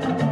Thank you.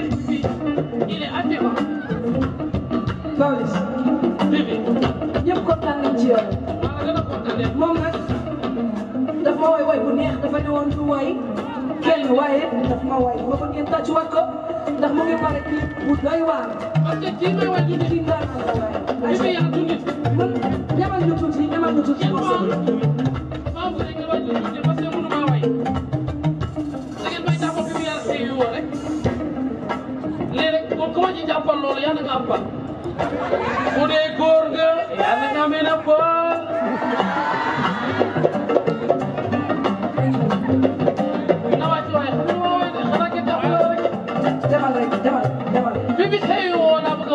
ci yoon moom nag daf ma way way bu neex dafa ne woon du way kenn waaye daf ma way ma bëgg ngeen tàccuwaat ko ndax mu ngi pare clip bu doy waar. parce que kii may way tuuti kii ndax waaye. kii may yàq tuuti. man ñamal ñu tuuti ñamal ñu tuuti. Papa.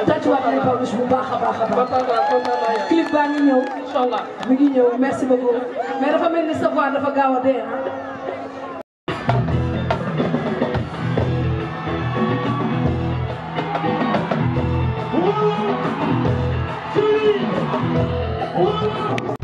tàccuwaat nañu Pawlish bu baax a baax a baax. clip baa ngi ñëw. incha allah mi ngi ñëw merci beaucoup. mais dafa mel ni sa dafa gaaw a dee